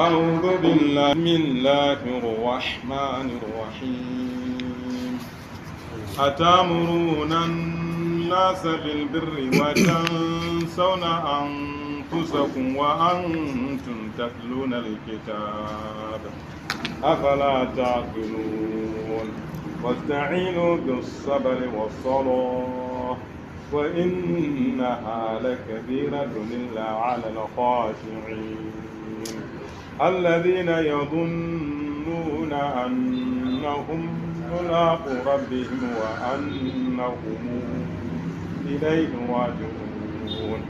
أعوذ بالله من الله الرحمن الرحيم أتأمرون الناس بالبر وتنسون أنفسكم وأنتم تتلون الكتاب أفلا تعقلون واستعينوا بالصبر والصلاة وإنها لكبيرة إلا على الخاشعين الذين يظنون أنهم ملاق ربهم وأنهم إليه راجعون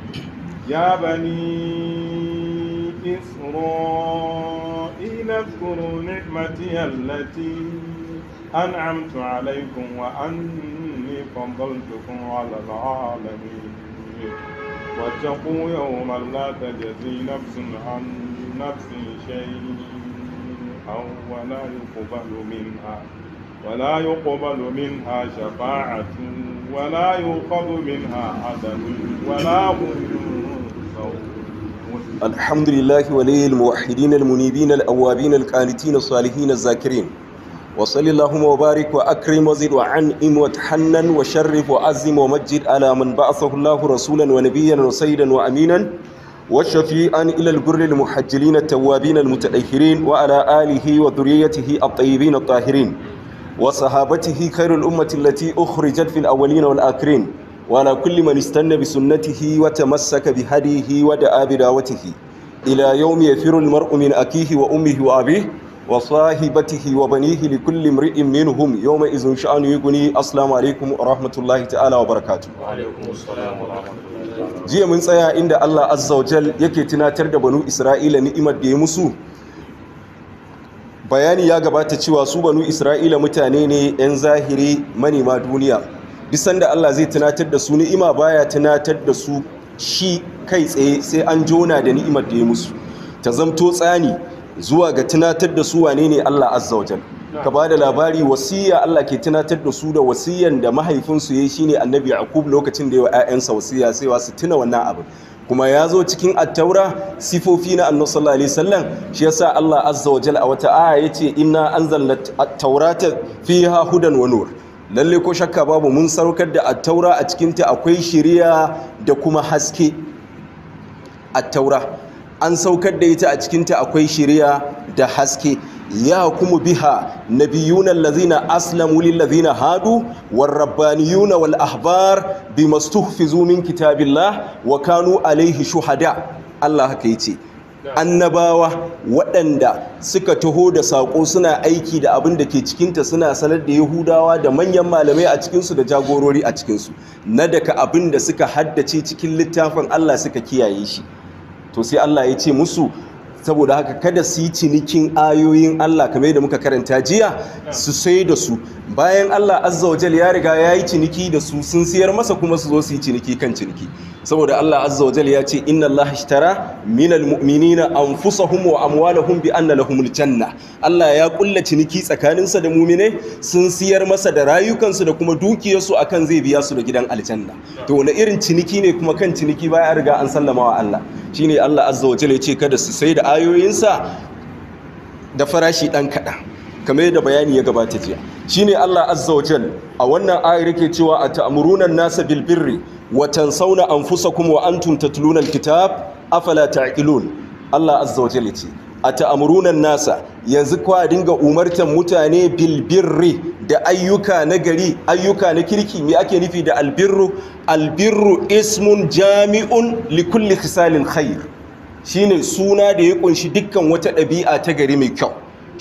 يا بني إسرائيل اذكروا نعمتي التي أنعمت عليكم وأني فضلتكم على العالمين واتقوا يوما لا تجزي نفس عن نفس شيء أو ولا يقبل منها ولا يقبل منها شفاعة ولا يؤخذ منها عدل ولا هم الحمد لله ولي الموحدين المنيبين الأوابين الكانتين الصالحين الذاكرين وصل اللهم وبارك وأكرم وزد وعنئم وتحنن وشرف وأزم ومجد على من بعثه الله رسولا ونبيا وسيدا وأمينا والشفيعان إلى البر المحجلين التوابين المتأخرين وعلى آله وذريته الطيبين الطاهرين وصحابته خير الأمة التي أخرجت في الأولين والآخرين وعلى كل من استنى بسنته وتمسك بهديه ودعا بدعوته إلى يوم يفر المرء من أكيه وأمه وأبيه وصاحبته وبنيه لكل امرئ منهم يومئذ شأن يغني السلام عليكم ورحمة الله تعالى وبركاته وعليكم السلام ورحمة الله jiya mun tsaya inda Allah azza wa jal yake tunatar da banu Isra'ila ni'imar da ya musu bayani ya gabata cewa su banu Isra'ila mutane ne yan zahiri manema duniya bisan da Allah zai tunatar da su ni'ima baya tunatar da su shi kai tsaye sai an jona da ni'imar da ya musu ta zamto tsani zuwa ga tunatar da su wane ne Allah azza wa jal ka ba da labari wasiya Allah ke tunatar da su da wasiyan da mahaifinsu ya yi shine annabi Yaqub lokacin da ya wa 'ya'yansa wasiya sai su tuna wannan abu? kuma ya zo cikin attaura sifofi na annabi sallallahu alaihi wasallam shi yasa Allah azza wa jalla a wata aya yace inna anzalna at-taurata fiha hudan wa nur lalle ko shakka babu mun saukar da attaura a cikinta akwai shiriya da kuma haske attaura an saukar da ita a cikinta akwai shiriya da haske ya kuma biha na biyunan lazina aslamu lazina hadu warrabbaniyuna wal ahbar bi mastuhfizu min kitabillah wa kanu alaihi shuhada Allah haka ce, annabawa waɗanda suka taho da saƙo suna aiki da abin da ke cikinta suna sanar da yahudawa da manyan malamai a cikinsu da jagorori a cikinsu na daga abin da suka haddace cikin littafin allah suka kiyaye shi to sai allah ya ce musu saboda haka kada su yi cinikin ayoyin Allah kamar yadda muka karanta jiya su sai da su bayan Allah azza wa jal ya riga ya yi ciniki da su sun siyar masa kuma su zo su yi ciniki kan ciniki saboda Allah azza wa jal ya ce inna Allah ishtara minal mu'minina anfusahum wa amwalahum bi anna lahumul janna Allah ya kulla ciniki tsakanin sa da mu'mine sun siyar masa da rayukansu da kuma dukiyarsu akan zai biya su da gidan aljanna to wani irin ciniki ne kuma kan ciniki ya riga an sallama wa Allah shine Allah azza wa jal ya ce kada su sai da ayoyinsa da farashi dan kaɗan kamar yadda bayani ya gabata jiya shine Allah azza wajal a wannan ayar yake cewa ata'muruna an-nasa bil birri wa tansawna anfusakum wa antum tatluna al-kitab afala ta'qilun Allah azza wajal yace ata'muruna an-nasa yanzu kwa dinga umartan mutane bil da ayyuka na gari ayyuka na kirki me ake nufi da albirru albirru ismun jami'un li kulli khisalil khair shine suna da ya kunshi dukkan wata ɗabi'a ta gari mai kyau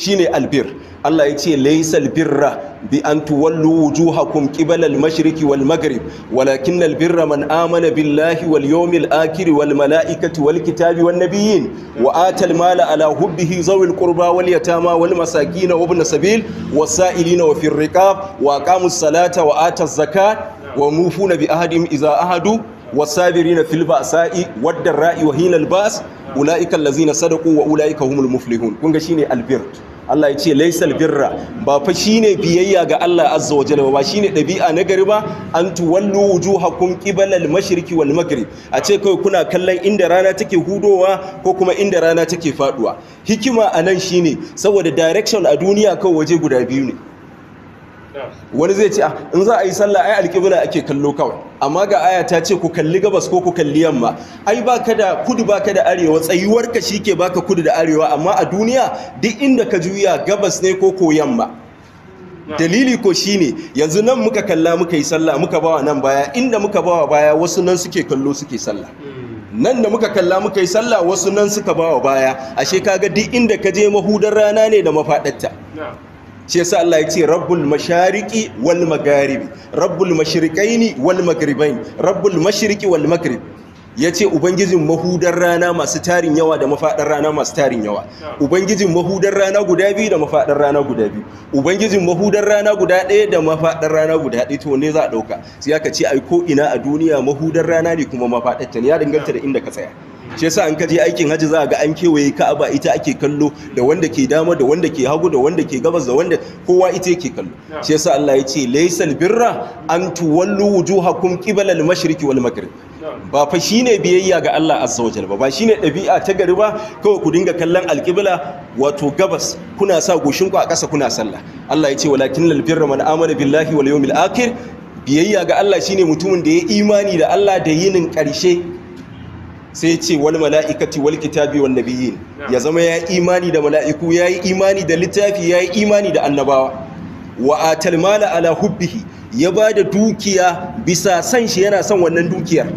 shine albir Allah ya ce laisal birra bi an tuwallu wujuhakum qibala al-mashriqi wal maghrib walakin birra man amana billahi wal yawmil akhir wal malaikati wal kitabi wan nabiyyin wa atal mala ala hubbihi zawil qurba wal yatama wal masakin wa ibn sabil wasailina wa fir riqab wa aqamus salata wa ataz zakat wa mufuna bi ahadim iza ahadu wasabirina fil ba'sa'i wad-dara'i wa hinal ba's ulaika allazina sadaqu wa ulaika humul muflihun kun ga shine albirr Allah ya ce laisal birra ba fa shine biyayya ga Allah azza wa jalla ba shine dabi'a na gari ba an tuwallu wujuhakum qibala al-mashriqi wal maghrib a ce kai kuna kallon inda rana take hudowa ko kuma inda rana take faduwa hikima anan shine saboda direction a duniya kawai waje guda biyu ne wani zai ce ah, in za a yi sallah ai alƙibla ake kallo kawai amma ga aya ta ce ku kalli gabas ko ku kalli yamma ai baka da kudu baka da arewa tsayuwar shi shike baka kudu da arewa amma a duniya duk inda ka juya gabas ne ko ko yamma dalili ko shine yanzu nan muka kalla muka yi sallah muka bawa nan baya inda muka bawa baya wasu nan suke kallo suke sallah nan da muka kalla muka yi sallah wasu nan suka bawa baya ashe kaga duk inda ka je mahudar rana ne da mafaɗarta shi yasa Allah ya ce rabbul mashariqi wal magharibi rabbul mashriqaini wal maghribain rabbul mashriqi wal Ya yace ubangijin mahudar rana masu tarin yawa da mafadar rana masu tarin yawa ubangijin mahudar rana guda biyu da mafadar rana guda biyu ubangijin mahudar rana guda ɗaya da mafadar rana guda ɗaya to ne za a ɗauka? sai aka ce ai ko ina a duniya mahudar rana ne kuma mafadar ta ne ya danganta da inda ka tsaya shi yasa an kaje aikin hajji za a ga an kewaye ka'aba ita ake kallo da wanda ke dama da wanda ke hagu da wanda ke gabas da wanda kowa ita yake kallo shi yasa Allah ya ce laysal birra an tuwallu wujuhakum qibala al-mashriqi wal maghrib ba fa shine biyayya ga Allah azza wajal ba ba shine dabi'a ta gari ba kawai ku dinga kallon alqibla wato gabas kuna sa goshin ku a ƙasa kuna sallah Allah ya ce walakin lil birra man amana billahi wal yawmil akhir biyayya ga Allah shine mutumin da ya imani da Allah da yinin ƙarshe sai ce wal mala'ikati wal kitabi wal nabiyyin ya zama ya imani da mala'iku ya yi imani da littafi ya yi imani da annabawa wa a mala ala hubbihi ya ba da dukiya bisa san shi yana son wannan dukiyar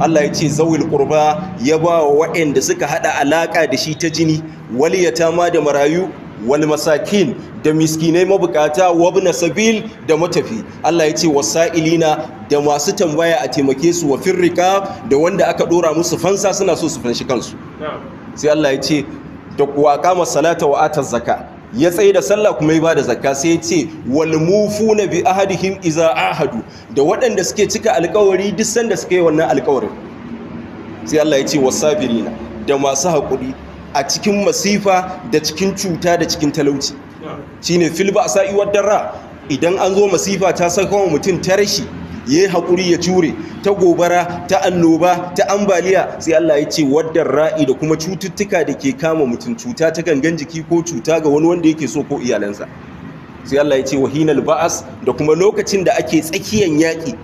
Allah ya ce zawil qurba ya ba wa waɗanda suka haɗa alaƙa da shi ta jini waliyata ma da marayu wal masakin da miskinai mabukata wabna sabil da matafi Allah ya ce wasa'ilina da masu tambaya a taimake su wa firrika da wanda aka dora musu fansa suna so su fanshi kansu sai Allah ya ce da kuwa kama salata wa atar zaka ya tsaye da sallah kuma ya bada zakka sai ya ce wal mufuna bi ahadihim iza ahadu da waɗanda suke cika alkawari duk sanda suke yi wannan alkawarin sai Allah ya ce wasabirina da masu haƙuri a cikin masifa da cikin cuta da cikin talauci Shi ne fil ba sa'i ra. idan an zo masifa ta saka wa mutum ta rashi yi haƙuri ya cure ta gobara ta annoba ta ambaliya sai Allah ya ce waddar ra'i da kuma cututtuka da ke kama mutum cuta ta gangan jiki ko cuta ga wani wanda yake so ko iyalansa sai Allah ya ce wahinal ba'as da kuma lokacin da ake tsakiyan yaƙi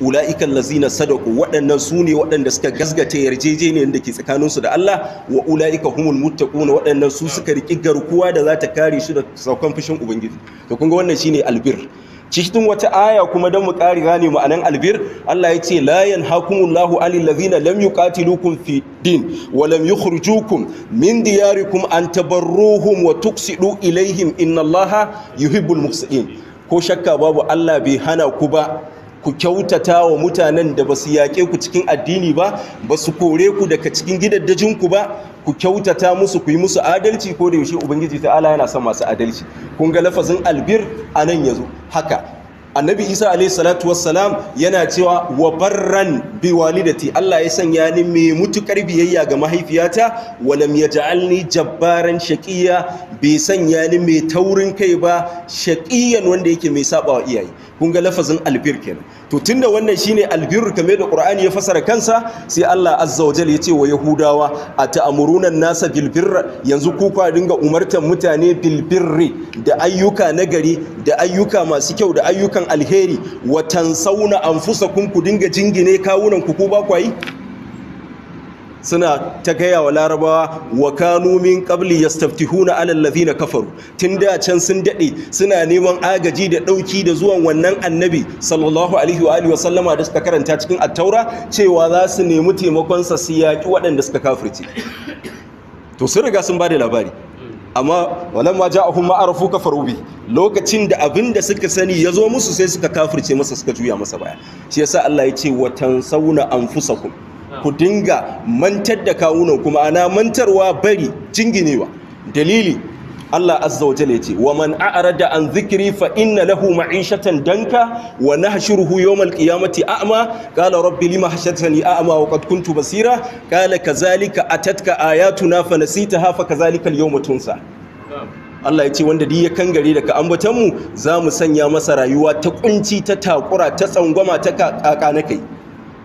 ula'ikan lazina sadaku waɗannan su ne waɗanda suka gasgata yarjejeniyar da ke tsakaninsu da Allah wa ula'ika humul muttaquna waɗannan su suka riƙi garkuwa da za ta kare shi da saukan fushin ubangiji to kun ga wannan shine albir cikin wata aya kuma dan mu kare gane ma'anan albir Allah ya ce la yanhakumullahu alil ladina lam yuqatilukum fi din wa lam yukhrijukum min diyarikum an tabarruhum wa tuqsidu ilaihim innallaha yuhibbul muqsitin ko shakka babu Allah bai hana ku ba ku kyautata wa mutanen da ba su yaƙe ku cikin addini ba ba su kore ku daga cikin gidaddajinku ba ku kyautata musu ku yi musu adalci ko da yaushe ubangiji ta'ala yana son masu adalci kun ga lafazin albir a nan yazo haka annabi isa alaihi salatu wassalam yana cewa wa barran bi walidati Allah ya sanya ni mai mutukar biyayya ga mahaifiyata lam yaj'alni jabbaran shaqiya bai sanya ni mai taurin kai ba shaqiyan wanda yake mai saba iyaye kun ga lafazin albir kenan to tunda wannan shine albiru kamar da Qur'ani ya fasara kansa sai Allah azza wa jalla yace wa yahudawa a an-nasa bil yanzu kuka dinga umartan mutane bil da ayyuka nagari da ayyuka masu kyau da ayyukan alheri watan-sauna tansawna anfusakum ku dinga jingine kawunan ku ko ba yi? suna ta gaya wa larabawa wa kanu min qabli yastaftihuna ala allazina kafaru tun da can sun daɗe suna neman agaji da ɗauki da zuwan wannan annabi sallallahu alaihi wa alihi wa da suka karanta cikin attaura cewa za su nemi taimakon sa su yaki waɗanda suka kafirce to sun riga sun bada labari amma walamma ja'ahum ma arafu kafaru bi lokacin da abin da suka sani ya zo musu sai suka kafirce masa suka juya masa baya shi yasa Allah ya ce wa an anfusakum ku dinga mantar da kawuna kuma ana mantarwa bari jinginewa dalili Allah azza wa jalla yace wa man da an zikiri fa inna lahu ma'ishatan danka wa nahshuruhu yawm al-qiyamati a'ma qala rabbi lima hashartani a'ma wa qad kuntu basira qala kadhalika atatka ayatuna fa nasitaha fa kadhalika al yau tunsa Allah ya ce wanda duk ya kangare daga ambatan mu za mu sanya masa rayuwa ta kunci ta takura ta tsangwama ta kakana kai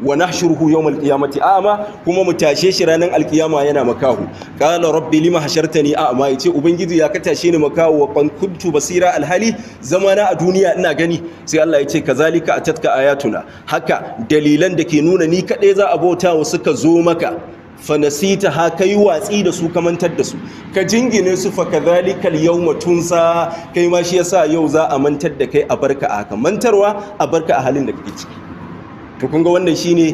wa nahshuruhu yawmal qiyamati a'ma kuma mu tashe shi ranar alkiyama yana makahu qala rabbi lima hashartani a'ma yace ubangiji ya ka tashe ni makahu wa qan kuntu basira alhali zamana a duniya ina gani sai Allah ya yace kazalika atatka ayatuna haka dalilan da ke nuna ni kadai za a bauta wa suka zo maka fanasita ha ka watsi da su kamantar da su ka jingine su fa kadhalikal yawma tunsa kai ma shi yasa yau za a mantar da kai a barka a haka mantarwa a barka a halin da kake ciki to kun wannan shine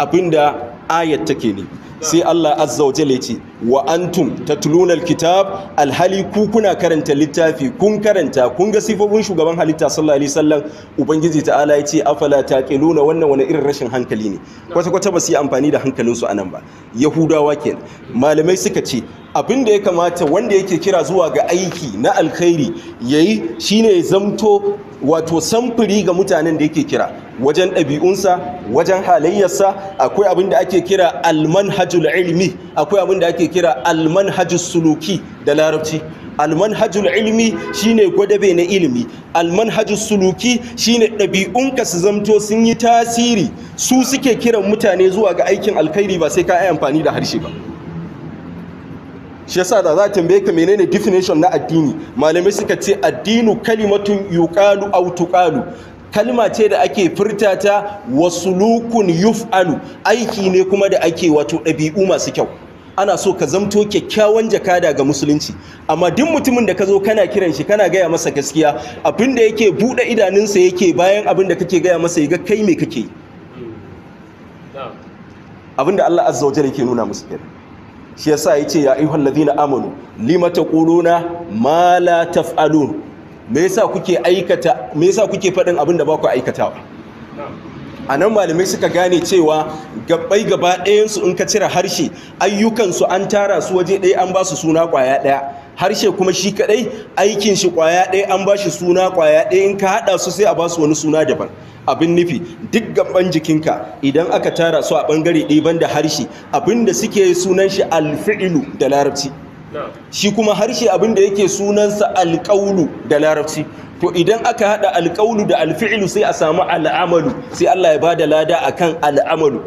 abinda ayat take ne sai Allah azza wa jalla ya ce wa antum tatlunal kitab alhali ku kuna karanta littafi kun karanta kun ga sifofin shugaban halitta sallallahu alaihi wasallam ubangiji ta'ala yace afala taqiluna wannan wani irin rashin hankali ne kwata kwata ba su yi amfani da hankalin su anan ba yahudawa kenan malamai suka ce abinda ya kamata wanda yake kira zuwa ga aiki na alkhairi yayi shine ya zamto wato samfuri ga mutanen da yake kira wajen ɗabi'unsa wajen halayyarsa akwai abin da ake kira almanhajul ilmi akwai abin da ake kira almanhajus suluki da larabci almanhajul ilmi shine gwadabe na ilimi almanhajus suluki shine ɗabi'unka su zamto sun yi tasiri su suke kiran mutane zuwa ga aikin alkhairi ba sai ka yi amfani da harshe ba shi yasa da za tambaye ka menene definition na addini malamai suka ce addinu kalimatun yuqalu aw tuqalu kalma ce da ake furtata wasulukun yuf'alu aiki ne kuma da ake wato ɗabi'u masu kyau ana so ka zamto kyakkyawan jakada ga musulunci amma duk mutumin da ka zo kana kiran shi kana gaya masa gaskiya abin da yake buɗe idanunsa yake bayan abin da kake gaya masa ya ga kai me kake abin da Allah azza wa yake nuna musu kenan shi yasa yace ya ayyuhal ladina amanu lima taquluna ma la taf'alun me yasa kuke aikata me yasa kuke fadin abin da ba ku aikatawa a nan malamai suka gane cewa gabbai gaba ɗayansu in ka cire harshe ayyukansu an tara su waje ɗaya an ba su suna ƙwaya ɗaya harshe kuma shi kaɗai aikin shi ƙwaya ɗaya an ba shi suna ƙwaya ɗaya in ka haɗa su sai a ba su wani suna daban abin nufi duk gaban jikinka idan aka tara su a ɓangare ɗaya ban da harshe abin da suke sunan shi alfi'ilu da larabci shi kuma harshe abin da yake sunansa alƙaulu da larabci to idan aka hada alƙaulu da alfi'ilu sai a samu al'amalu sai Allah ya bada lada akan al'amalu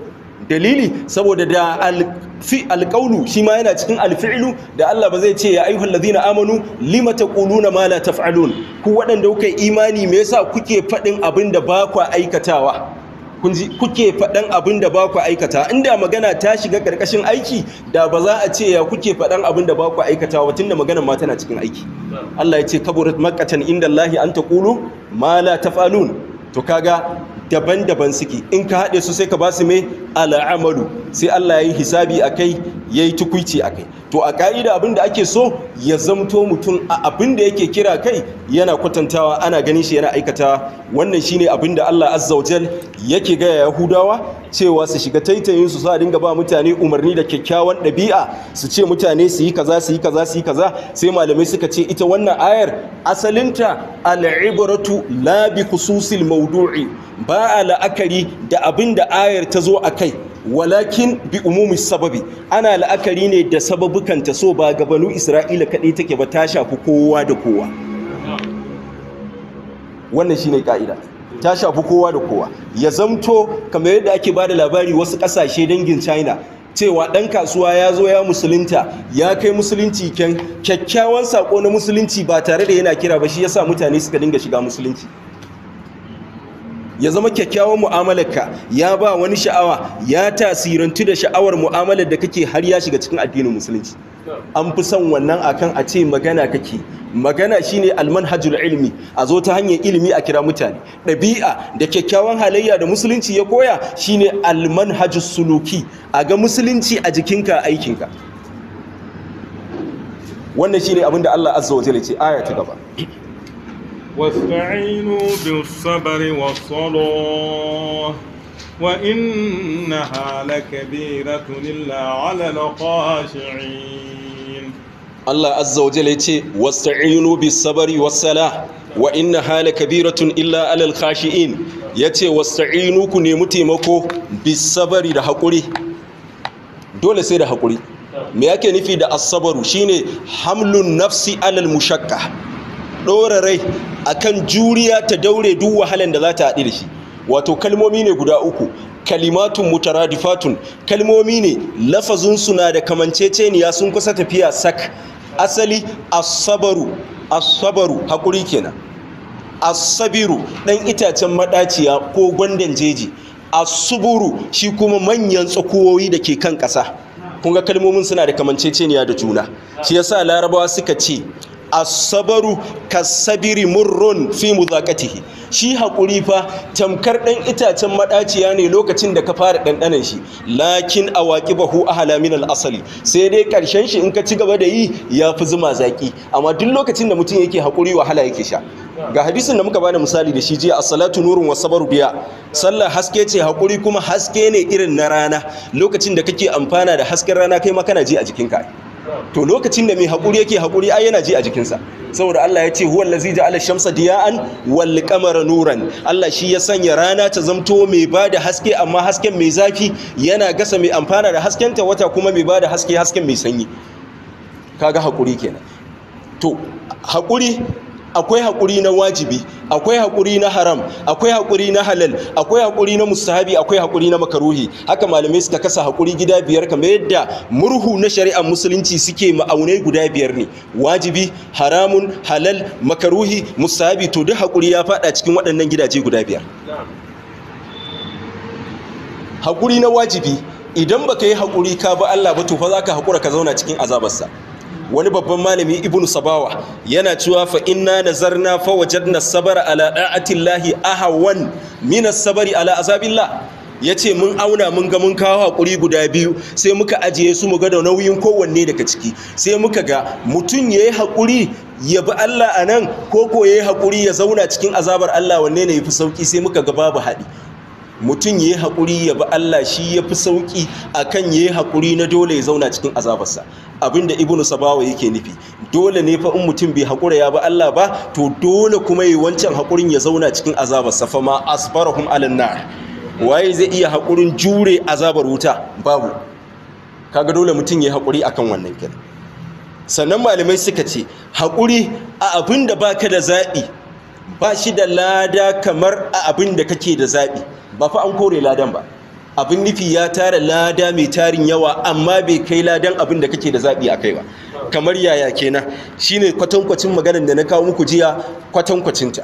dalili saboda da alfi alƙaulu shi ma yana cikin alfi'ilu da Allah ba zai ce ya ayyuhal ladina amanu lima taquluna ma la taf'alun ku waɗanda kuka imani me yasa kuke faɗin abinda ba ku aikatawa kuke fadan abinda da ba ku aikata inda magana ta shiga karkashin aiki da ba za a ce ya kuke faɗan abinda ba ku aikatawa tunda magana ma tana cikin aiki Allah ya ce kaburat makatan inda Allah an ta ma la taf'alun to kaga daban-daban suke in ka haɗe su sai ka ba su me al'amalu sai Allah ya yi hisabi a kai ya yi a kai to a ƙa'ida abin da ake so ya zamto mutum a abin da yake kira kai yana kwatantawa ana ganin shi yana aikata wannan shine abin da Allah azza yake gaya yahudawa cewa su shiga taitayin su sa dinga ba mutane umarni da kyakkyawan ɗabi'a su ce mutane su yi kaza su yi kaza su yi kaza sai malamai suka ce ita wannan ayar asalinta al'ibratu la bi khususil mawdu'i ba a la'akari da abinda ayar ta zo akai kai walakin bi umumi sababi ana la'akari ne da sababukanta so ba gabanu isra'ila kaɗai take ba ta shafi kowa da kowa wannan shine ka'ida ta shafi kowa da kowa ya zamto kamar yadda ake ba da labari wasu ƙasashe dangin china cewa ɗan kasuwa ya zo ya musulunta ya kai musulunci kyakkyawan saƙo na musulunci ba tare da yana kira ba shi yasa mutane suka dinga shiga musulunci ya zama kyakkyawan mu'amalarka ya ba wani sha'awa ya tasirantu da sha'awar mu'amalar da kake har ya shiga cikin addinin musulunci an fi son wannan akan a ce magana kake magana shine almanhajul ilmi a zo ta hanyar ilimi a kira mutane ɗabi'a da kyakkyawan halayya da musulunci ya koya shine almanhajus suluki a ga musulunci a jikinka aikinka wannan shine abinda Allah azza wa jalla ce aya ta gaba واستعينوا بالصبر والصلاة وإنها لكبيرة إلا على الخاشعين الله عز وجل يتي واستعينوا بالصبر والصلاة وإنها لكبيرة إلا على الخاشعين يتي واستعينوا كنيمو تيمكو بالصبر da hakuri سيدة sai ما hakuri me الصبر nufi حمل النفس على shine ɗora rai a kan juriya ta daure duk wahalan da za ta haɗi da shi wato kalmomi ne guda uku kalimatun mutaradifatun kalmomi ne lafazinsu na da kamanceceniya sun kusa tafiya sak asali asabaru asabaru haƙuri kenan asabiru ɗan itacen maɗaciya ko gwandan jeji asuburu shi kuma manyan tsakuwoyi da ke kan ƙasa kun ga kalmomin suna da kamanceceniya da juna shi yasa larabawa suka ce asabaru kasabiri murrun fi muzaqatihi shi haƙuri fa tamkar ɗan itacen maɗaciya ne lokacin da ka fara ɗanɗanan shi lakin a waƙi bahu a halaminal asali sai dai ƙarshen shi in ka ci gaba da yi ya fi zuma zaƙi amma duk lokacin da mutum yake hakuri wahala yake sha ga hadisin da muka bada misali da shi jiya a salatu nurun was biya sallah haske ce hakuri kuma haske ne irin na rana lokacin da kake amfana da hasken rana kai ma kana ji a jikinka to lokacin da mai haƙuri yake haƙuri ai yana ji a jikinsa saboda Allah ya ce huwal ladzi ja'ala shamsa diya'an wal qamara nuran Allah shi ya sanya rana ta zamto mai bada haske amma hasken mai zafi yana gasa mai amfana da hasken ta wata kuma mai bada haske hasken mai sanyi kaga haƙuri kenan to haƙuri akwai haƙuri na wajibi akwai haƙuri na haram akwai haƙuri na halal akwai haƙuri na mustahabi akwai haƙuri na makaruhi haka malamai suka kasa haƙuri gida biyar kamar yadda murhu na shari'ar musulunci suke ma'aunai guda biyar ne wajibi haramun halal makaruhi mustahabi to duk haƙuri ya faɗa cikin waɗannan gidaje guda biyar haƙuri na wajibi idan baka yi haƙuri ka ba Allah ba to fa zaka haƙura ka zauna cikin azabarsa wani babban malami ibn sabawa yana cewa fa inna nazarna fa wajadna sabara ala da'atillahi ahawan min as-sabari ala azabillah yace mun auna mun ga mun kawo hakuri guda biyu sai muka ajiye su mu ga da nauyin kowanne daga ciki sai muka ga mutun yayi hakuri ya bi Allah anan ko ko yayi hakuri ya zauna cikin azabar Allah wanne ne yafi sauki sai muka ga babu hadi mutum ya yi haƙuri ya bi Allah shi ya fi sauƙi a kan ya yi haƙuri na dole ya zauna cikin azabarsa abinda ibnu sabawa yake nufi dole ne fa in mutum bai haƙura ya bi Allah ba to dole kuma yi wancan haƙurin ya zauna cikin azabarsa fa ma asbarahum alan nar waye zai iya haƙurin jure azabar wuta babu kaga dole mutum ya yi haƙuri akan wannan kenan sannan malamai suka ce haƙuri a abinda baka da zaɓi ba shi da lada kamar a abin da kake da zaɓi ba fa an kore ladan ba abin nufi ya tara lada mai tarin yawa amma bai kai ladan abin da kake da zaɓi a kai ba kamar yaya kenan shine kwatankwacin maganar da na kawo muku jiya kwatankwacinta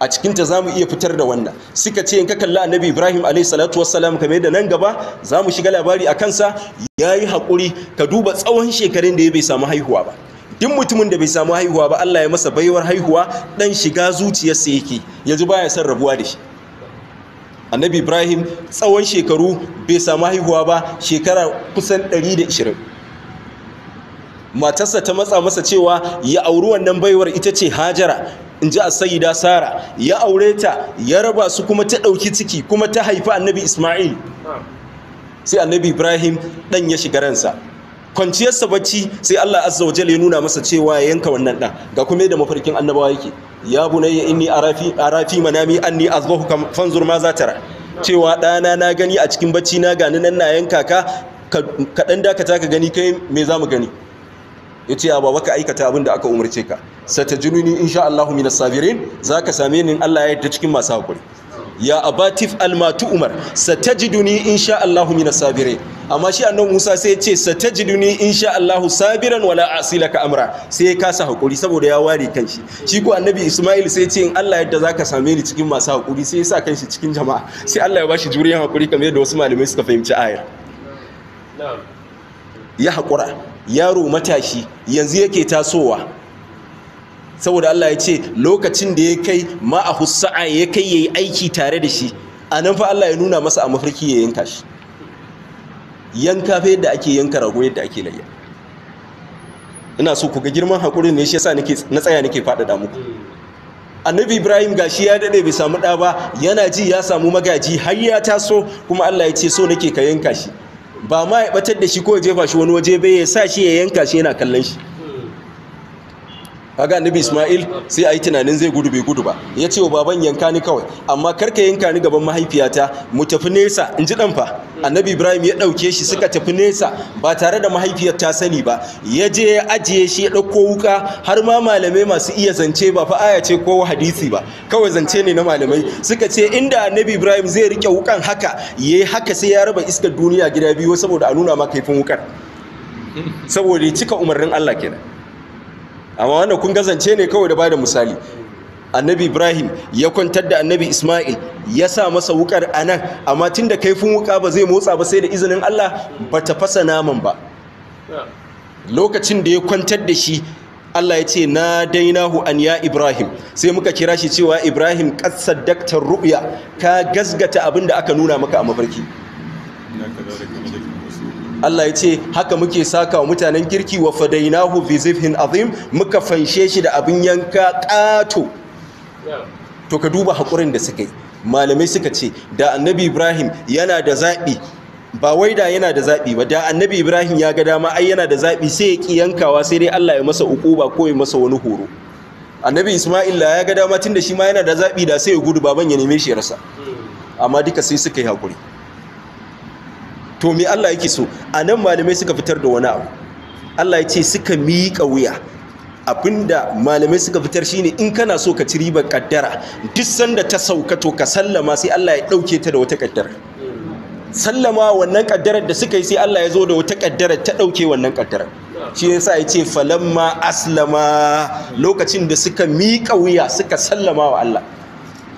a cikinta za mu iya fitar da wannan suka ce in ka kalla annabi ibrahim AS. salatu wassalam kamar da nan gaba za mu shiga labari a kansa ya yi haƙuri ka duba tsawon shekarun da ya bai samu haihuwa ba duk mutumin da bai samu haihuwa ba Allah ya masa baiwar haihuwa dan shiga zuciyarsa yake yanzu baya son rabuwa da shi annabi ibrahim tsawon shekaru bai samu haihuwa ba shekara kusan 120 matarsa ta matsa masa cewa ya auri wannan baiwar ita ce hajara in ji a sayida sara ya aure ta ya raba su kuma ta ɗauki ciki kuma ta haifi annabi ismail sai annabi ibrahim ɗan ya shiga ransa kwanciyarsa bacci sai Allah azza wa jalla ya nuna masa cewa ya yanka wannan dan ga kuma da mafarkin annabawa yake ya bunayya inni arafi arafi manami anni kam fanzur ma za tara cewa dana na gani a cikin bacci na gani nan na yanka ka ka kaɗan dakata ka gani kai me za mu gani ya ce baba ka aikata abin da aka umarce ka sata jinuni insha Allah minas sabirin zaka same ni Allah ya yarda cikin masu hakuri ya abatif almatu umar satajiduni insha Allahu na sabirin amma shi annabi Musa sai ya ce satajiduni insha Allahu sabiran wala asilaka amra sai ya kasa hakuri saboda ya ware kanshi shi ko annabi Ismail sai ce in Allah yadda zaka same ni cikin masu hakuri sai ya sa kanshi cikin jama'a sai Allah ya bashi juriyar hakuri kamar yadda wasu malamai suka fahimci ayar ya hakura yaro matashi yanzu yake tasowa saboda Allah ya ce lokacin da ya kai a hussa'a ya kai ya yi aiki tare da shi a nan fa Allah ya nuna masa a mafarki ya yanka shi yanka fa yadda ake yanka rago yadda ake layya ina so ku ga girman hakuri ne shi yasa nake na tsaya nake faɗaɗa muku annabi ibrahim gashi ya daɗe bai samu ɗa ba yana ji ya samu magaji har ya taso kuma Allah ya ce so nake ka yanka shi ba ma ya batar da shi ko ya jefa shi wani waje bai ya sa shi ya yanka shi yana kallon shi kaga annabi isma'il sai ayi tunanin zai gudu bai gudu ba ya ce wa baban yanka ni kawai amma karka yanka ni gaban mahaifiyata mu tafi nesa in ji fa annabi ibrahim ya ɗauke shi suka tafi nesa ba tare da mahaifiyar ta sani ba ya je ya ajiye shi ya ɗauko wuka har ma malamai masu iya zance ba fa aya ce ko hadisi ba kawai zance ne na malamai suka ce inda annabi ibrahim zai rike wukan haka ya yi haka sai ya raba iskar duniya gida biyu saboda a nuna maka kaifin wukan saboda ya cika umarnin allah kenan amma wannan kun gazance ne kawai da bada misali annabi ibrahim ya kwantar da annabi ismail ya sa masa wukar a nan amma tun da kaifin wuka ba zai motsa ba sai da izinin allah ba ta fasa naman ba lokacin da ya kwantar da shi allah ya ce na dainahu an ya ibrahim sai muka kira shi cewa ibrahim ƙasar daktar ru'ya ka gasgata abin da aka nuna maka a mafarki Allah ya ce haka muke saka wa mutanen kirki wa fadainahu bi zifhin azim muka fanshe shi da abin yanka kato to ka duba hakurin da suka yi malamai suka ce da annabi Ibrahim yana da zabi ba wai da yana da zaɓi ba da annabi ibrahim ya ga dama ai yana da zaɓi sai ya ƙi yankawa sai dai allah ya masa uquba ko ya masa wani horo annabi isma'ila ya ga dama tun da shi ma yana da zaɓi da sai ya gudu baban ya neme shi rasa amma duka sai suka yi hakuri. to me Allah yake so a nan malamai suka fitar da wani abu Allah ya ce suka miƙa wuya abinda malamai suka fitar shine in kana so ka ci ribar kaddara duk sanda ta sauka to ka sallama sai Allah ya dauke ta da wata kaddara sallama wannan kaddarar da suka yi sai Allah ya zo da wata kaddara ta dauke wannan kaddara shi yasa ya ce falamma aslama lokacin da suka miƙa wuya suka sallama wa Allah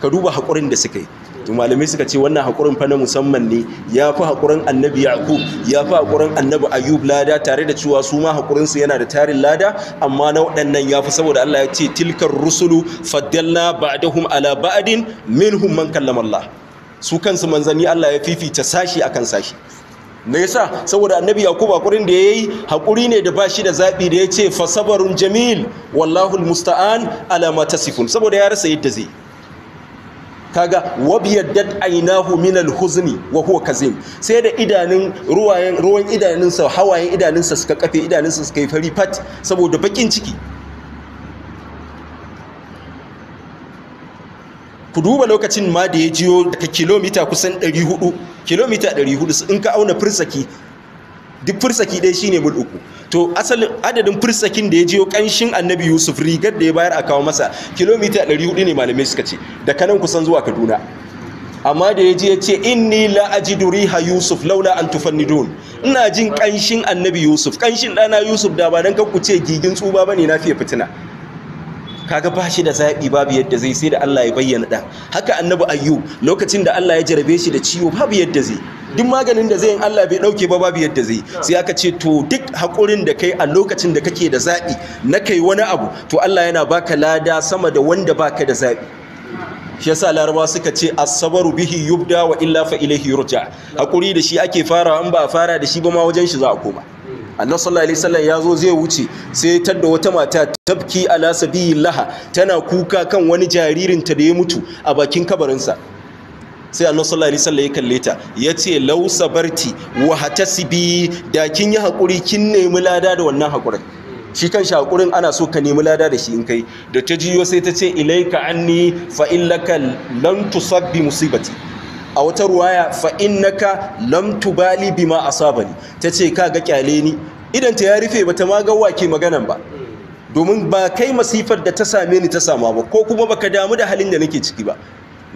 ka duba haƙurin da suka yi malamai suka ce wannan haƙurin fa na musamman ne ya fi haƙurin annabi yaqub ya fi haƙurin annabi ayub lada tare da cewa su ma haƙurinsu yana da tarin lada amma na waɗannan ya fi saboda Allah ya ce tilkar rusulu faddalna ba'dahum ala ba'din minhum man kallama Allah su kansu manzanni Allah ya fifita sashi akan sashi me yasa saboda annabi yakub hakurin da yayi haƙuri ne da ba shi da zabi da ya yace fasabarun jamil wallahu almusta'an ala ma tasifun saboda ya rasa yadda zai kaga wabiyaddat ainahu min alhuzni wa huwa kazim sai da idanun ruwayen ruwan idanunsa hawayen idanunsa suka kafe idanunsa suka yi fari fat saboda bakin ciki ku duba lokacin ma da ya jiyo daga kilomita kusan 400 kilomita 400 in ka auna fursaki duk fursaki ɗaya shine mul uku to asalin adadin firsakin da ya jiyo kanshin annabi yusuf rigar da ya bayar a kawo masa kilomita 400 ne malamai suka ce da kanan kusan zuwa kaduna amma da ya ji ya ce inni la ajidu riha yusuf laula an tufannidun ina jin kanshin annabi yusuf kanshin dana yusuf da ba dan ku ce gigin tsuba bane na fiye fitina kaga ba shi da zaɓi babu yadda zai sai da Allah ya bayyana ɗan haka annabi ayyub lokacin da Allah ya jarabe shi da ciwo babu yadda zai duk maganin da zai yin Allah bai ɗauke ba babu yadda zai sai aka ce to duk haƙurin da kai a lokacin da kake da zaɓi na kai wani abu to Allah yana baka lada sama da wanda baka da zaɓi shi yasa laraba suka ce asabaru bihi yubda wa illa fa ilaihi yurja haƙuri da shi ake farawa in ba a fara da shi ba ma wajen shi za a koma annabi sallallahu alaihi wasallam ya zo zai wuce sai ta da wata mata tabki ala sabilillaha tana kuka kan wani jaririnta da ya mutu a bakin kabarinsa sai annabi sallallahu alaihi wasallam ya kalle ta yace law sabarti wa hatasibi da kin yi hakuri kin nemi lada da wannan hakurin shi kan shakurin ana so ka nemi lada da shi in kai da ta jiyo sai ta ce ilaika anni fa illaka lan tusabbi musibati a wata ruwaya fa'in fa innaka ma tubali ta ce ka ga kyale ni idan ta ya rufe ba ta ga wake maganan ba domin ba kai masifar da ta same ni ta sama ba ko kuma ba ka damu da halin da nake ciki ba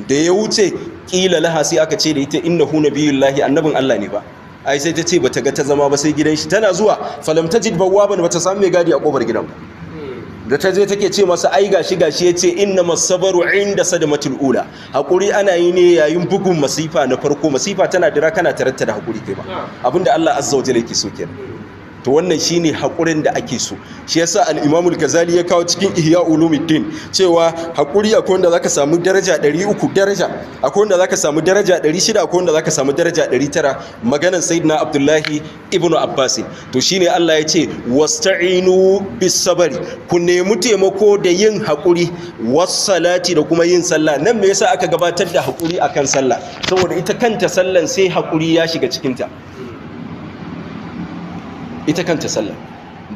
da ya wuce kila laha aka ce da ita biyu nabiyullahi annabin Allah ne ba ai sai ta ce bata ga ta zama ba sai gidan shi tana zuwa falam ne ba ta samu mai gadi a kofar gidan ba da ta je take ce masa ai gashi gashi ya ce inna masabaru inda sadamatul ula hakuri ana yi ne yayin bugun masifa na farko masifa tana dira kana tarar da hakuri kai ba abinda Allah azza wa jalla yake so kenan to wannan shine hakurin da ake so shi yasa al-Imam gazali ya kawo cikin Ihya Ulumuddin cewa hakuri akwai wanda zaka samu daraja 300 daraja akwai wanda zaka samu daraja 600 akwai wanda zaka samu daraja 900 maganar Sayyidina Abdullahi ibn Abbas to shine Allah ya ce wasta'inu bisabari ku nemi taimako da yin hakuri was da kuma yin sallah nan me yasa aka gabatar da hakuri akan sallah saboda ita kanta sallan sai hakuri ya shiga cikinta ita kanta sallah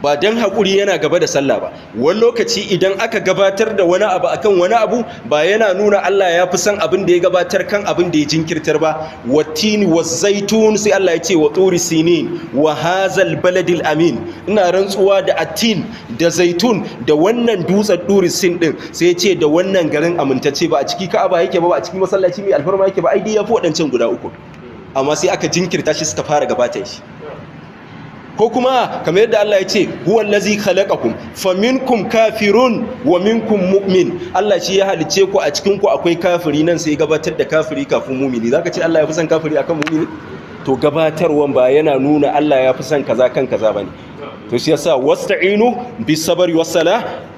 ba don haƙuri yana gaba da sallah ba wani lokaci idan aka gabatar da wani abu akan wani abu ba yana nuna Allah ya fi san abin da ya gabatar kan abin da ya jinkirtar ba watini wa zaitun sai Allah ya ce wa turi sinin wa hazal baladil amin ina rantsuwa da atin da zaitun da wannan dutsen turi sin din sai ya ce da wannan garin amintacce ba a ciki ka'aba yake ba ba a cikin masallaci mai alfarma yake ba ai dai ya fi waɗancan guda uku amma sai aka jinkirta shi suka fara gabatar shi ko kuma kamar yadda Allah ya ce huwal ladzi khalaqakum faminkum kafirun wa minkum mu'min Allah shi ya halice ku a cikin ku akwai kafiri nan sai gabatar da kafiri kafin mu'mini zaka ce Allah ya fi son kafiri akan mu'mini to gabatarwan ba yana nuna Allah ya fi son kaza kan kaza bane to shi yasa wasta'inu bis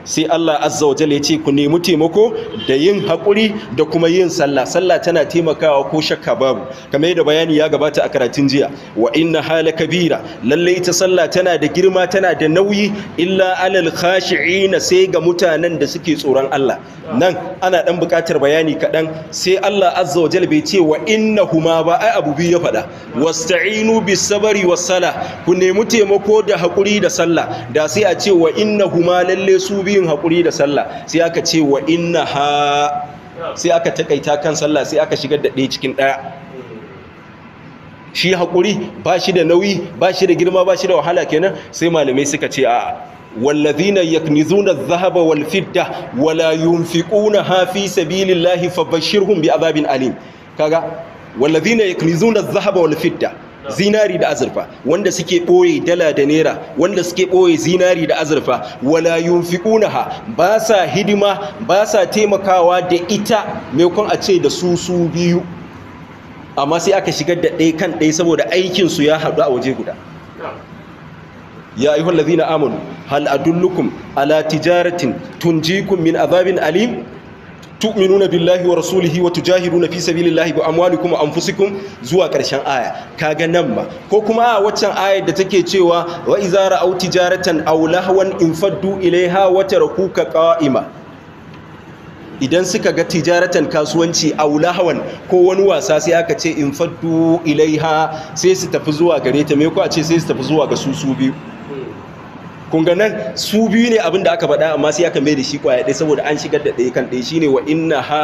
sai Allah azza wa jalla ya ce ku nemi taimako da yin hakuri da kuma yin sallah sallah tana taimakawa ko shakka babu kamar yadda bayani ya gabata a karatun jiya wa inna hala kabira lalle ita sallah tana da girma tana da nauyi illa alal khashi'ina sai ga mutanen da suke tsoron Allah nan ana dan bukatar bayani kadan sai Allah azza wa jalla bai ce wa huma ba ai abu biyu ya faɗa wasta'inu bis sabri was sala ku nemi taimako da hakuri da sallah da sai a ce wa innahuma lalle su bi yin haƙuri da sallah sai aka ce wa inna ha sai aka taƙaita kan sallah sai aka shigar da ɗaya cikin ɗaya shi haƙuri ba shi da nauyi ba shi da girma ba shi da wahala kenan sai malamai suka ce a wallazina yaknizuna dhahaba walayun fidda wala Hafi ha lahi sabilillahi fabashirhum bi babin alim kaga wallazina yaknizuna dhahaba wal fidda zinari da azurfa wanda suke ɓoye dala da naira wanda suke ɓoye zinari da azurfa wala yunfiqunaha ba sa hidima ba sa taimakawa da ita kun a ce da su su biyu amma sai aka shigar da ɗaya kan ɗaya saboda aikin su ya haɗu a waje guda ya ayyuhal amanu hal adullukum ala tijaratin tunjikum min azabin alim tu'minuna billahi wa rasulihi wa tujahiduna fi sabilillahi bi amwalikum wa anfusikum zuwa karshen aya kaga nan ma ko kuma a waccan ayar da take cewa wa idza ra'aw tijaratan aw lahwan infaddu wata wa tarakuka qa'ima idan suka ga tijaratan kasuwanci aw lahwan ko wani wasa sai aka ce infaddu ha sai su tafi zuwa gare ta me ko a ce sai su tafi zuwa ga susu biyu kun nan su biyu ne abin da aka faɗa amma sai aka mai da shi kwaya ɗaya saboda an shigar da ɗaya kan ɗaya shine wa inna ha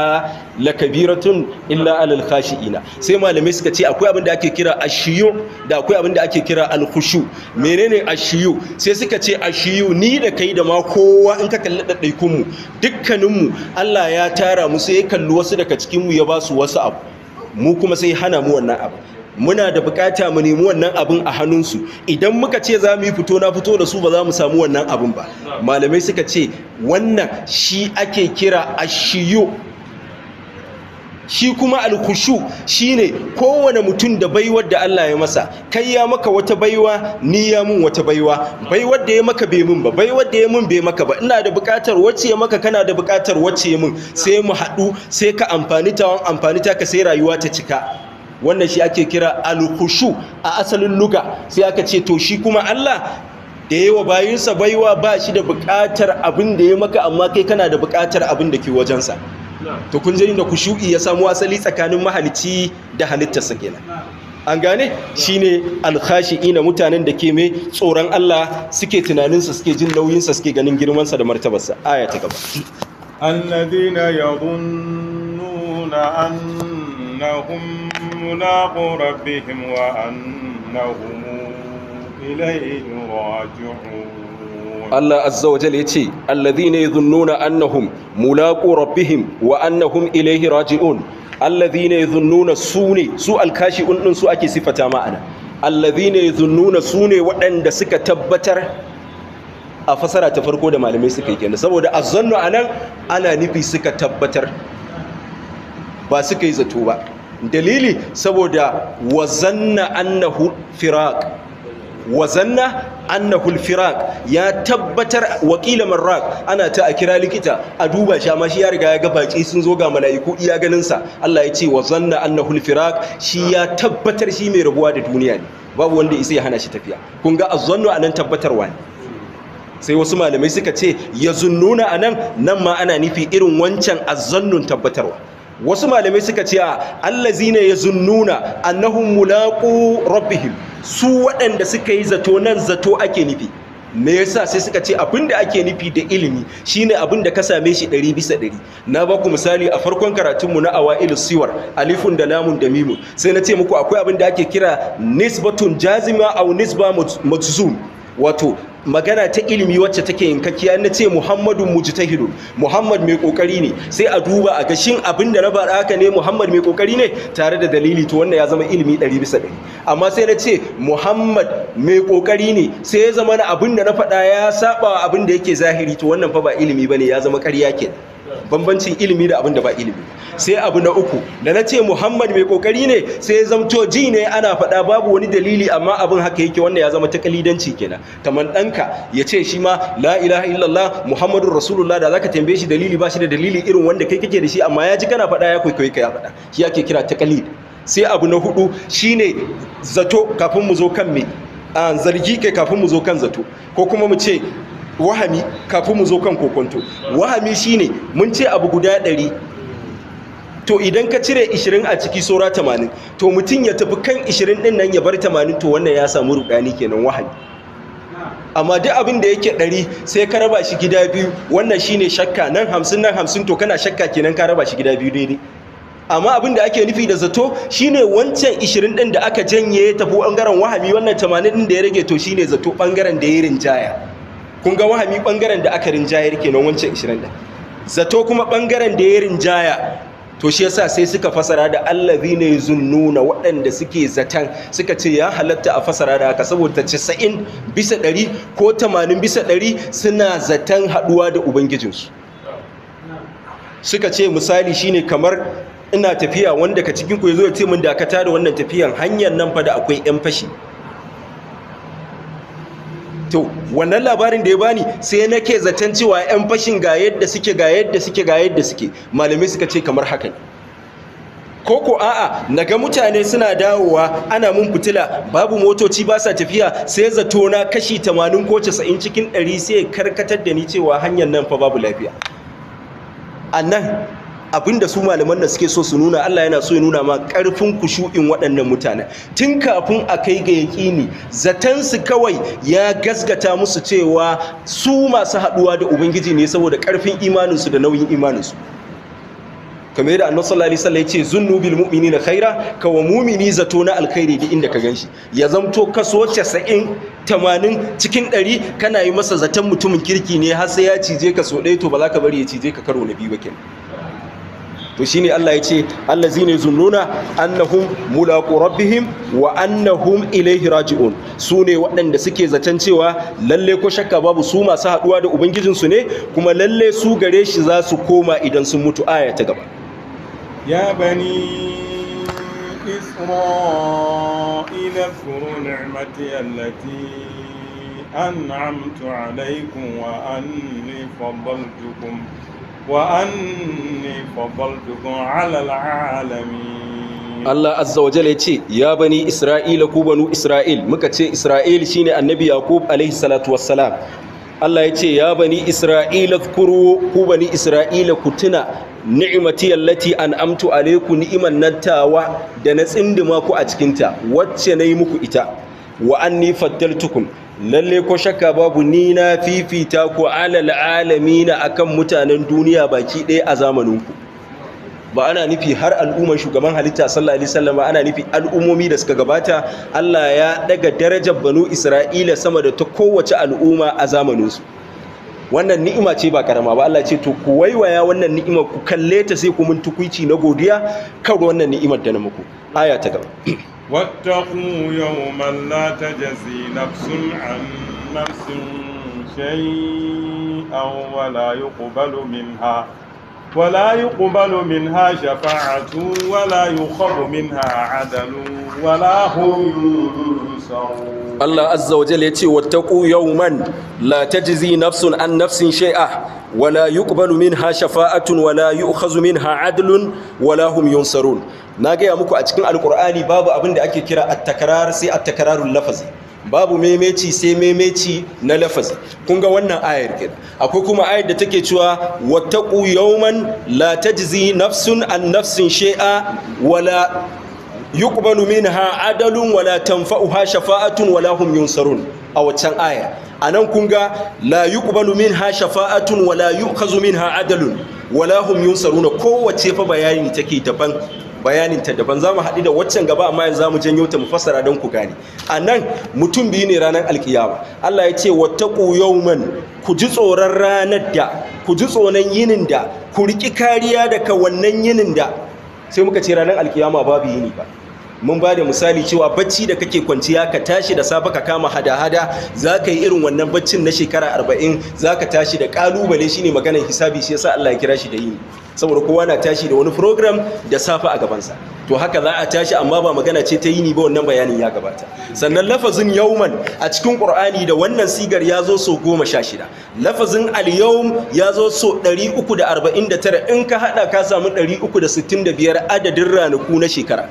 la kabiratun illa alal khashiina sai malamai suka ce akwai abin da ake kira ashiyu da akwai abinda ake kira alkhushu menene ashiyu sai suka ce ashiyu ni da kai da ma kowa in ka kalli ɗaiɗaikun mu dukkanin mu Allah ya tara mu sai ya kalli wasu daga cikin mu ya ba su wasu abu mu kuma sai hana mu wannan abu muna da bukata mu nemi wannan abin a hannunsu idan muka ce za mu yi fito na fito da su ba za mu samu wannan abin ba malamai suka ce wannan shi ake kira ashiyo shi kuma alkushu ne kowane mutum da baiwar da Allah ya masa kai ya maka wata baiwa ni ya mun wata baiwa baiwar da ya maka bai mun ba baiwar da ya mun bai maka ba ina da bukatar wacce ya maka kana da bukatar wacce ya mun sai mu haɗu sai ka amfani ta amfani ta ka sai rayuwa ta cika wannan shi ake kira alkhushu a asalin luga sai aka ce to shi kuma Allah da yawa bayinsa baiwa ba shi da buƙatar abin da ya maka amma kai kana da buƙatar abin da ke wajensa to kun jini da kushu'i ya samu asali tsakanin mahalici da sa kenan an gane shine alkhashi'ina mutanen da ke mai tsoron Allah suke tunaninsa suke jin nauyinsa suke ganin girmansa da martabarsa aya ta gaba alladhina yadhunnuna annahum ملاقو ربهم وأنهم إليه راجعون Allah azza wa jalla yace alladhina yadhunnuna annahum mulaqu rabbihim wa annahum ilayhi raji'un alladhina yadhunnuna sune su alkashi'un din su ake sifata ma'ana alladhina yadhunnuna sune waɗanda suka tabbatar a fasara ta farko da malamai suka yi kenan saboda a anan ana nufi suka tabbatar ba suka yi zato ba dalili saboda wazanna annahu firaq wazanna annahu firaq ya tabbatar wakila marraq ana ta a kira likita a duba shi amma shi ya riga ya ga baki sun zo ga malaiku iya ganin sa Allah ya ce wazanna annahu firaq shi ya tabbatar shi mai rabuwa da duniya ne babu wanda isa ya hana shi tafiya kun ga azzannu anan tabbatarwa ne sai wasu malamai suka ce ya zunnuna anan nan ma ana nufi irin wancan azzannun tabbatarwa wasu malamai suka ce a Allah allazina yazunnuna annahum mulaqu rabbihim su waɗanda suka yi zato nan zato ake nufi me yasa sai suka ce abinda ake nufi da ilimi shine abinda ka same shi 100 bisa 100 na baku misali a farkon karatunmu na awailu siwar alifun da lamun da mimu, sai na ce muku akwai abinda ake kira nisbatun jazima a nisba majzum wato magana ta ilimi wacce take yin yinkakkiya na ce muhammadu mujtahidu muhammad mai kokari ne sai a duba a gashin abin da na faɗa haka ne muhammad mai kokari ne tare da dalili to wannan ya zama ilimi 100% amma sai na ce muhammad mai kokari ne sai ya zama na abin da na faɗa ya saba abin da yake zahiri to wannan fa ba ilimi bane ya zama ƙarya kenan bambancin ilimi da abin da ba ilimi sai abu na uku da na ce muhammad mai kokari ne sai ya zamto ji ne ana faɗa babu wani dalili amma abin haka yake wannan ya zama ta kalidanci kenan kamar ɗanka ya ce shi ma la ilaha illallah muhammadun rasulullah da zaka tambaye shi dalili ba shi da dalili irin wanda kai kake da shi amma ya ji kana faɗa ya kwaikwayi ka ya faɗa shi ake kira ta kalid sai abu na hudu shine zato kafin mu zo kan me ah, zargi kai kafin mu zo kan zato ko kuma mu ce wahami kafin mu zo kan kokonto wahami shine mun ce abu guda 100 to idan ka cire 20 a ciki saura 80 to mutun ya tafi kan 20 din nan ya bar 80 to wannan ya samu rudani kenan wahami amma duk abin da yake 100 sai ka raba shi gida biyu wannan shine shakka nan 50 nan 50 to kana shakka kenan ka raba shi gida biyu daidai amma abin da ake nufi da zato shine wancan 20 din da aka janye tafi bangaren wahami wannan 80 din da ya rage to shine zato bangaren da ya rinjaya kun ga wahami bangaren da aka rinjayar kenan wancan 20 da. zato kuma bangaren da ya rinjaya to shi yasa sai suka fasara da Allah allazi ne nuna waɗanda suke zatan suka ce ya halatta a fasara da haka saboda 90 bisa 100 ko 80 bisa 100 suna zatan haɗuwa da ubangijinsu suka ce misali shine kamar ina tafiya wanda ka cikin ku yazo ya ce min dakata da wannan tafiyan hanyar nan fa da akwai yan fashi to wannan labarin da ya bani sai nake zaton cewa yan fashin ga yadda suke ga yadda suke ga yadda suke malamai suka ce kamar haka ne ko ko a'a naga mutane suna dawowa ana mun fitila babu motoci ba sa tafiya sai zato na kashi 80 ko 90 cikin 100 sai karkatar da ni cewa hanyar nan fa babu lafiya annan abinda su malaman da suke so su nuna Allah yana so ya nuna ma karfin kushu'in waɗannan mutane. tun kafin a kai ga zatan su kawai ya gasgata musu cewa su masu haɗuwa da ubangiji ne saboda karfin imaninsu da nauyin imaninsu kamar yadda annabi sallallahu alaihi wasallam ce zunnu bil mu'minina khaira ka wa mu'mini zato na alkhairi duk inda ka ganshi ya zamto kaso 90 80 cikin 100 kana yi masa zaton mutumin kirki ne har sai ya cije ka so dai to ba za ka bari ya cije ka karo na biyu ba kenan to shine Allah ya ce Allah allazina zunnuna annahum mulaqu rabbihim wa annahum ilaihi raji'un sune waɗanda suke zaton cewa lalle ko shakka babu su masu haɗuwa da ubangijinsu ne kuma lalle su gare shi za su koma idan sun mutu aya ta gaba ya bani إسرائيل اذكروا نعمتي التي أنعمت عليكم وأني فضلتكم وأني فضلتكم على العالمين ce عز وجل يتي يا بني إسرائيل كوبنو إسرائيل مكتي إسرائيل شيني النبي يعقوب عليه الصلاة والسلام Allah ya ce ya bani Isra'ila ku bani Isra'ila ku tuna ni'imati an an'amtu alaiku ni'iman nattawa da na tsindima ku a cikinta wacce nayi muku ita wa anni lalle ko shakka babu ni na fifita ku alal alamina akan mutanen duniya baki ɗaya a zamaninku ba ana nufi har al'umman shugaban halitta sallallahu alaihi wasallam ba ana nufi al'ummomi da suka gabata Allah ya daga darajar banu Isra'ila sama da ta kowace al'umma a zamaninsu wannan ni'ima ce ba karama ba Allah ce to ku waiwaya wannan ni'ima ku kalle ta sai ku mun tukuici na godiya kawai wannan ni'imar da na muku aya ta gaba واتقوا يوما لا تجزي نفس عن نفس شيئا ولا يقبل منها ولا يقبل منها شفاعة ولا يخر منها عدل ولا هم ينصرون Allah Azza wa Jalla ya ce yau man la tajzi nafsun an nafsin shai'a wala min minha shafa'atun wala min minha 'adlun wala hum yunsarun na gaya muku a cikin Alƙur'ani babu abin da ake kira at sai at lafazi babu memeci sai memeci na lafazi kun ga wannan ayar ke? akwai kuma ayar da take cewa wattaqu yawman la tajzi nafsun an nafsin shay'a wala yuqbalu minha adalun wala tanfa'uha shafa'atun wala hum yunsarun a waccan aya anan kun ga la yuqbalu minha shafa'atun wala yu'khazu minha adalun wala hum yunsarun kowace fa bayani take daban bayanin ta daban zamu haɗu da waccan gaba amma yanzu zamu janyo ta mu fassara don ku gane nan mutum biyu ne ranar alkiyama Allah ya ce wattaqu yawman ku ji tsoron ranar da ku ji tsoron yinin da ku riki kariya daga wannan yinin da sai muka ce ranar alkiyama babu yini ba mun ba da misali cewa bacci da kake kwanciya ka tashi da safe ka kama hada-hada za ka yi irin wannan baccin na shekara arba'in za ka tashi da ƙalubale shine maganar hisabi shi yasa Allah ya kira shi da yini saboda kowa na tashi da wani program da safa a gabansa to haka za a tashi amma ba magana ce ta yi ni ba wannan bayanin ya gabata sannan lafazin yauman a cikin qur'ani da wannan sigar ya zo so 16 lafazin al-yawm ya zo so 349 in ka hada ka samu 365 adadin ranaku na shekara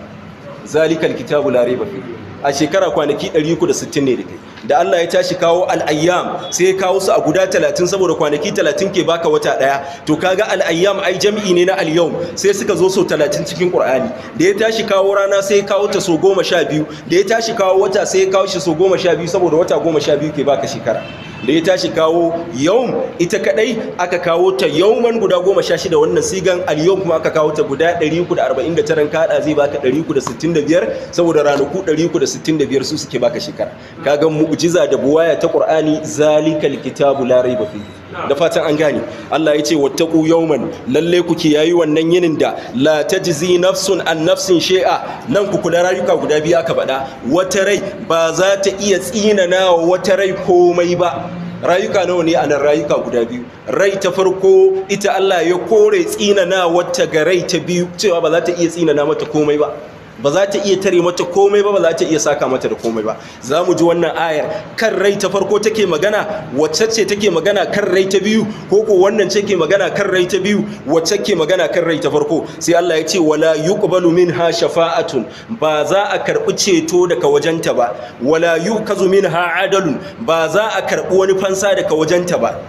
zalikal kitabu la raiba fi a shekara kwanaki 360 ne da kai da Allah ya tashi kawo al'ayyam sai ya kawo su a guda talatin saboda kwanaki talatin ke baka wata daya to kaga al'ayyam ai jam'i ne na al sai suka zo so talatin cikin Qur'ani da ya tashi kawo rana sai ya kawo ta so biyu. da ya tashi kawo wata sai ya kawo shi so biyu saboda wata goma sha biyu ke baka shekara da ya tashi kawo yau ita kadai aka kawo ta man guda goma sha shida wannan sigan al kuma aka kawo ta guda 349 kada zai baka 365 saboda ranaku 365 su suke baka shekara kaga mu'jiza da buwaya ta ƙur'ani zalikal kitabu la raiba da fatan an gane Allah ya ce wattaqu yawman lalle ku yayi wannan yinin da la tajzi nafsun an nafsin shay'a nan ku kula rayuka guda biyu aka bada wata rai ba za ta iya tsinana wa wata rai komai ba rayuka nawa ne a nan rayuka guda biyu rai ta farko ita Allah ya kore tsinana wata ga rai ta biyu cewa ba za ta iya tsinana mata komai ba ba za ta iya tare mata komai ba ba za ta iya saka mata da komai ba za mu ji wannan ayar kan rai ta farko take magana wacce ce take magana kan rai ta biyu ko ko wannan ce ke magana kan rai ta biyu wacce ke magana kan rai ta farko sai Allah ya ce wala yuqbalu minha shafa'atun ba za a karbi ceto daga wajenta ba wala yukazu minha adalun ba za a karbi wani fansa daga wajenta ba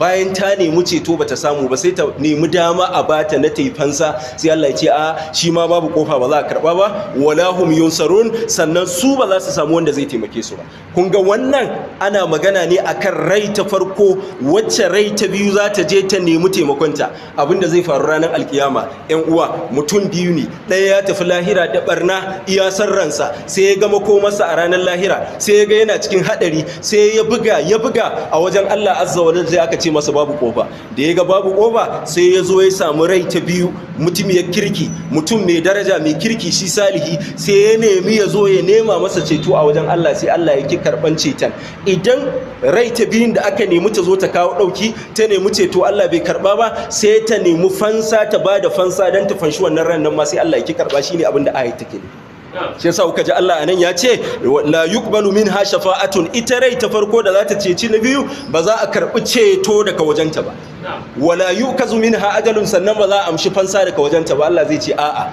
bayan ta nemi ceto bata samu ba sai ta nemi dama a bata na taifansa sai Allah ya ce a shi ma babu kofa ba za a karba ba wala hum yunsarun sannan su ba za su samu wanda zai taimake su ba kun ga wannan ana magana ne akan rai ta farko wacce rai ta biyu za ta je ta nemi taimakonta abinda zai faru ranar alkiyama yan uwa mutum biyu ne ɗaya ya tafi lahira da barna iya san ransa sai ya gama komarsa a ranar lahira sai ya ga yana cikin haɗari sai ya buga ya buga a wajen Allah azza wa jalla aka ce masa babu kofa da ya ga babu kofa sai ya zo ya samu rai ta biyu mutum ya kirki mutum mai daraja mai kirki shi salihi sai ya nemi ya zo ya nema masa ceto a wajen Allah sai Allah ya ki karban ceton idan rai ta biyun da aka nemi ta zo ta kawo ɗauki ta nemi ceto Allah bai karba ba sai ta nemi fansa ta ba da fansa dan ta fanshi wannan ran nan ma sai Allah ya ki karba shine abin da ayat take ne shi yasa kuka ji Allah anan ya ce la yuqbalu minha shafa'atun ita rai ta farko da za ta ceci na biyu ba za a karbi ceto daga wajenta ba wala yukazu minha ajalun sannan ba za a amshi fansa daga wajenta ba Allah zai ce a'a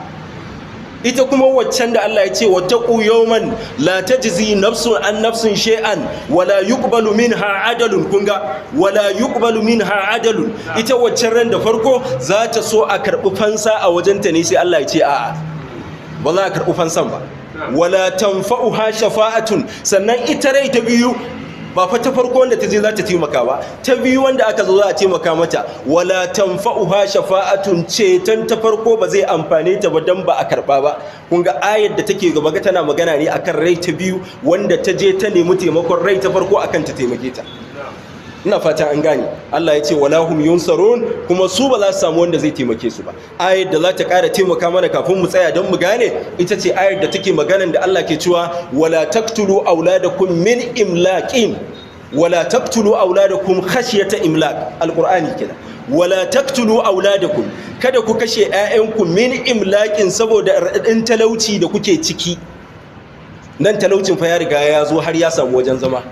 ita kuma waccan da Allah ya ce wattaqu yawman la tajzi nafsun an nafsin shay'an wala yuqbalu minha adalun kunga wala yuqbalu minha adalun ita waccan ran da farko za ta so a karbi fansa a wajenta ne sai Allah ya ce a'a ba za a karɓi fansan ba wala ha shafa'atun sannan ita rai ta biyu ba fa ta farko wanda ta je za ta taimaka ba ta biyu wanda aka zo za a taimaka mata wala ha shafa'atun tan ta farko ba zai amfane ta ba dan ba a karɓa ba kun ga ayar da take gaba ga tana magana ne akan rai ta biyu wanda ta je ta nemi taimakon rai ta farko akan ta taimake ta ina fata an gane Allah ya ce wala yunsarun kuma su ba za su samu wanda zai taimake su ba ayar da za ta kara taimaka mana kafin mu tsaya don mu gane ita ce ayar da take maganan da Allah ke cewa wala taqtulu auladakum min imlaqin wala taqtulu auladakum khashyata imlaq alqur'ani kenan wala taqtulu auladakum kada ku kashe ƴaƴanku min imlaqin saboda radin talauci da kuke ciki nan talaucin fa ya riga ya zo har ya samu wajen zama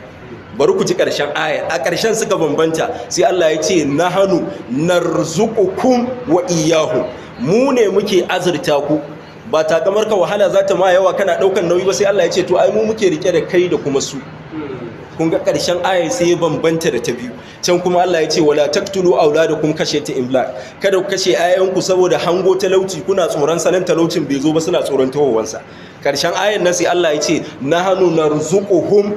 bari ku ji ƙarshen ayar a ƙarshen suka bambanta sai Allah ya ce na hannu na rizukukun wa iyahu mu ne muke azurta ku ba takamar ka wahala za ta ma yawa kana ɗaukan nauyi ba sai Allah ya ce to ai mu muke rike da kai da kuma su kun ga ƙarshen ayar sai ya bambanta da ta biyu can kuma Allah ya ce wala da auladakum kashe ta imla kada ku kashe ayanku saboda hango talauci kuna tsoron sanan talaucin bai zo ba suna tsoron tawowansa ƙarshen ayar nan sai Allah ya ce nahanu narzuquhum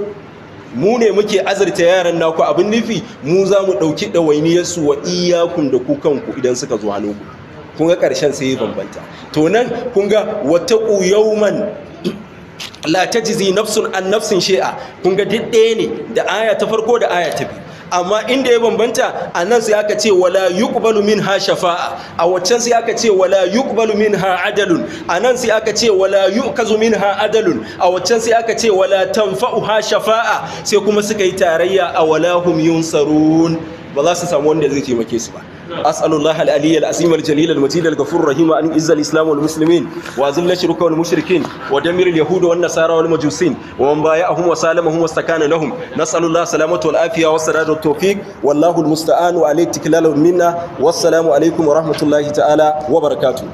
mu ne muke azurta yaran naku abin nufi mu za mu ɗauki ɗawainiyarsu wa iyakun da ku kanku idan suka zo hannunku kun ga ƙarshen sai bambanta to nan kun ga wata yawman la tajzi nafsun an nafsin shi'a kun ga duk ɗaya ne da aya ta farko da aya ta biyu amma inda ya bambanta a nan sai aka ce wala yuqbalu minha shafa'a a waccan sai aka ce wala yuqbalu minha adalun a nan sai aka ce wala yu'kazu minha adalun a waccan sai aka ce wala ha shafa'a sai kuma suka yi tarayya a wala hum yunsarun ba za su samu wanda zai taimake su ba as'alullahi al-aliyyal azim al-jalil al-majid al-ghafur rahim an izza islam wal muslimin wa zilla shirka wal mushrikin wa damir al-yahud wan nasara wal majusin wa man bay'ahum wa salamahum wastakana lahum nas'alullahi salamata wal afiya was sadad wat tawfiq wallahu al-musta'an wa alayhi tiklalu minna wassalamu alaykum wa rahmatullahi ta'ala wa barakatuh